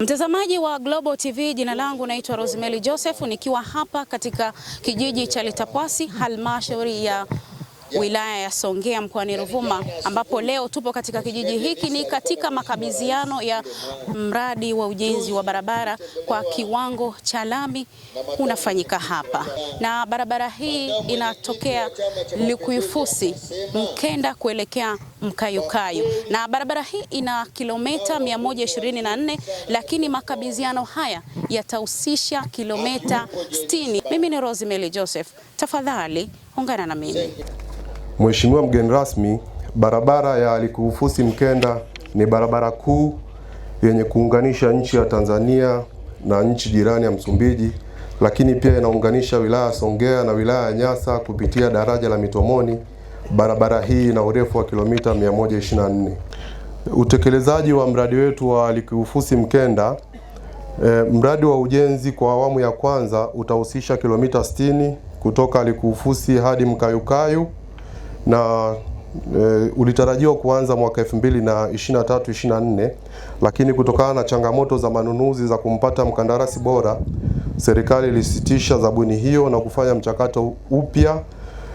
Mtazamaji wa Global TV, jina langu naitwa Rosemary Joseph nikiwa hapa katika kijiji cha Litapwasi halmashauri ya wilaya ya Songea mkoani Ruvuma, ambapo leo tupo katika kijiji hiki, ni katika makabidhiano ya mradi wa ujenzi wa barabara kwa kiwango cha lami unafanyika hapa, na barabara hii inatokea Likuifusi Mkenda kuelekea Mkayukayu, na barabara hii ina kilomita 124 lakini makabidhiano haya yatahusisha kilomita 60. Mimi ni Rosemary Joseph, tafadhali ungana na mimi. Mheshimiwa mgeni rasmi, barabara ya Alikuufusi Mkenda ni barabara kuu yenye kuunganisha nchi ya Tanzania na nchi jirani ya Msumbiji, lakini pia inaunganisha wilaya ya Songea na wilaya ya Nyasa kupitia daraja la Mitomoni. Barabara hii ina urefu wa kilomita 124. Utekelezaji wa mradi wetu wa Alikuufusi Mkenda E, mradi wa ujenzi kwa awamu ya kwanza utahusisha kilomita 60 kutoka Alikuufusi hadi Mkayukayu na e, ulitarajiwa kuanza mwaka 2023 24, lakini kutokana na changamoto za manunuzi za kumpata mkandarasi bora, serikali ilisitisha zabuni hiyo na kufanya mchakato upya.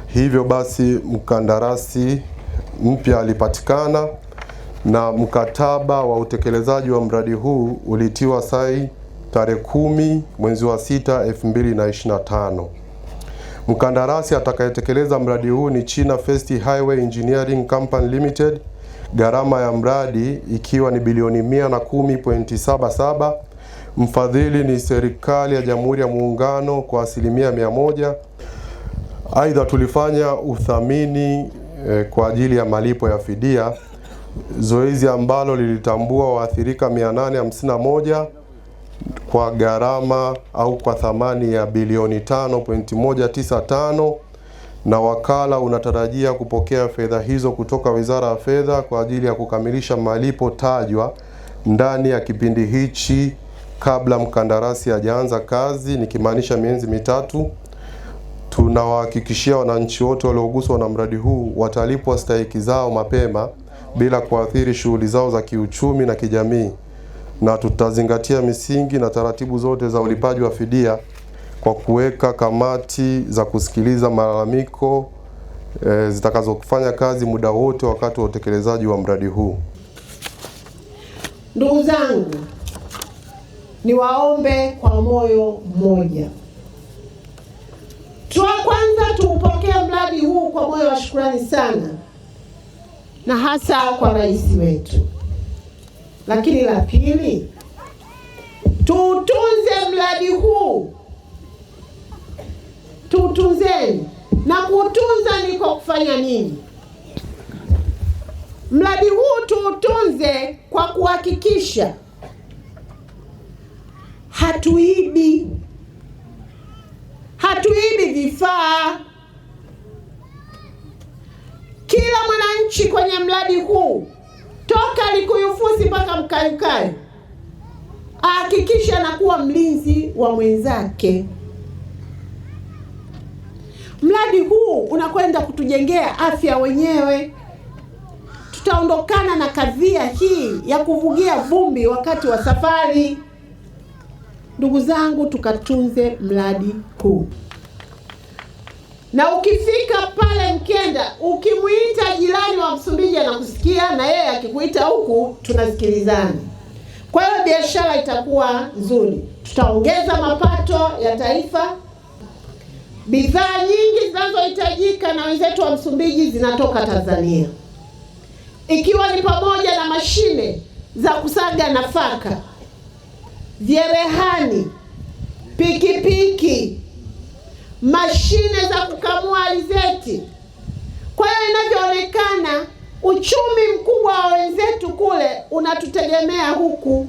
Hivyo basi mkandarasi mpya alipatikana na mkataba wa utekelezaji wa mradi huu ulitiwa sai tarehe kumi mwezi wa sita 2025. Mkandarasi atakayetekeleza mradi huu ni China First Highway Engineering Company Limited, gharama ya mradi ikiwa ni bilioni 110.77. Mfadhili ni serikali ya Jamhuri ya Muungano kwa asilimia mia moja. Aidha, tulifanya uthamini eh, kwa ajili ya malipo ya fidia, zoezi ambalo lilitambua waathirika 851 kwa gharama au kwa thamani ya bilioni 5.195 na wakala unatarajia kupokea fedha hizo kutoka Wizara ya Fedha kwa ajili ya kukamilisha malipo tajwa ndani ya kipindi hichi kabla mkandarasi hajaanza kazi, nikimaanisha miezi mitatu. Tunawahakikishia wananchi wote walioguswa na mradi huu watalipwa stahiki zao mapema bila kuathiri shughuli zao za kiuchumi na kijamii na tutazingatia misingi na taratibu zote za ulipaji wa fidia kwa kuweka kamati za kusikiliza malalamiko e, zitakazofanya kazi muda wote wakati wa utekelezaji wa mradi huu. Ndugu zangu, niwaombe kwa moyo mmoja, twa kwanza tuupokee mradi huu kwa moyo wa shukrani sana, na hasa kwa rais wetu. Lakini la pili, tuutunze mradi huu, tuutunzeni. Na kuutunza ni kwa kufanya nini? Mradi huu tuutunze kwa kuhakikisha hatuibi, hatuibi vifaa. Kila mwananchi kwenye mradi huu toka Likuyufusi mpaka Mkayukayu, ahakikisha anakuwa mlinzi wa mwenzake. Mradi huu unakwenda kutujengea afya wenyewe. Tutaondokana na kadhia hii ya kuvugia vumbi wakati wa safari. Ndugu zangu, tukatunze mradi huu na ukifika pale Mkenda, ukimwita jirani wa Msumbiji anakusikia na yeye akikuita huku tunasikilizana. Kwa hiyo biashara itakuwa nzuri, tutaongeza mapato ya taifa. Bidhaa nyingi zinazohitajika na wenzetu wa Msumbiji zinatoka Tanzania, ikiwa ni pamoja na mashine za kusaga nafaka, vyerehani, pikipiki mashine za kukamua alizeti. Kwa hiyo inavyoonekana uchumi mkubwa wa wenzetu kule unatutegemea huku.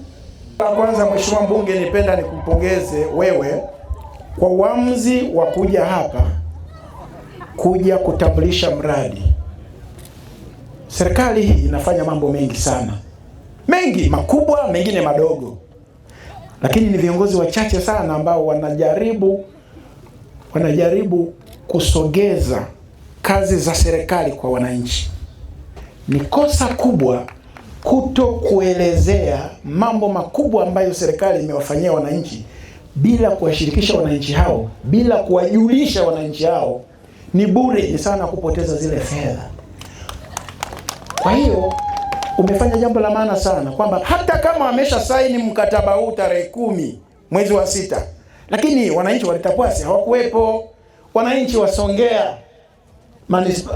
Kwanza Mheshimiwa Mbunge, nipenda nikupongeze wewe kwa uamuzi wa kuja hapa kuja kutambulisha mradi. Serikali hii inafanya mambo mengi sana, mengi makubwa, mengine madogo, lakini ni viongozi wachache sana ambao wanajaribu wanajaribu kusogeza kazi za serikali kwa wananchi. Ni kosa kubwa kuto kuelezea mambo makubwa ambayo serikali imewafanyia wananchi bila kuwashirikisha wananchi hao, bila kuwajulisha wananchi hao, ni bure, ni sana kupoteza zile fedha. Kwa hiyo umefanya jambo la maana sana, kwamba hata kama wamesha saini mkataba huu tarehe kumi mwezi wa sita lakini wananchi walitapwasi hawakuwepo, wananchi wa Songea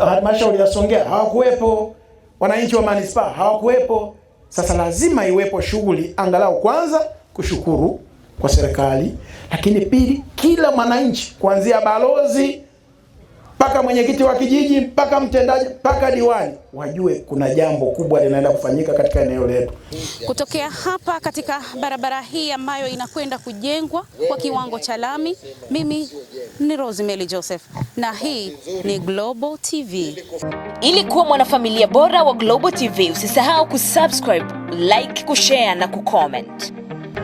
halmashauri ya Songea hawakuwepo, wananchi wa manispaa hawakuwepo. Sasa lazima iwepo shughuli angalau kwanza kushukuru kwa serikali, lakini pili, kila mwananchi kuanzia balozi mpaka mwenyekiti wa kijiji mpaka mtendaji mpaka diwani wajue kuna jambo kubwa linaenda kufanyika katika eneo letu. Kutokea hapa katika barabara hii ambayo inakwenda kujengwa kwa kiwango cha lami, mimi ni Rosemary Joseph na hii ni Global TV. Ili kuwa mwanafamilia bora wa Global TV, usisahau kusubscribe, like, kushare na kucomment.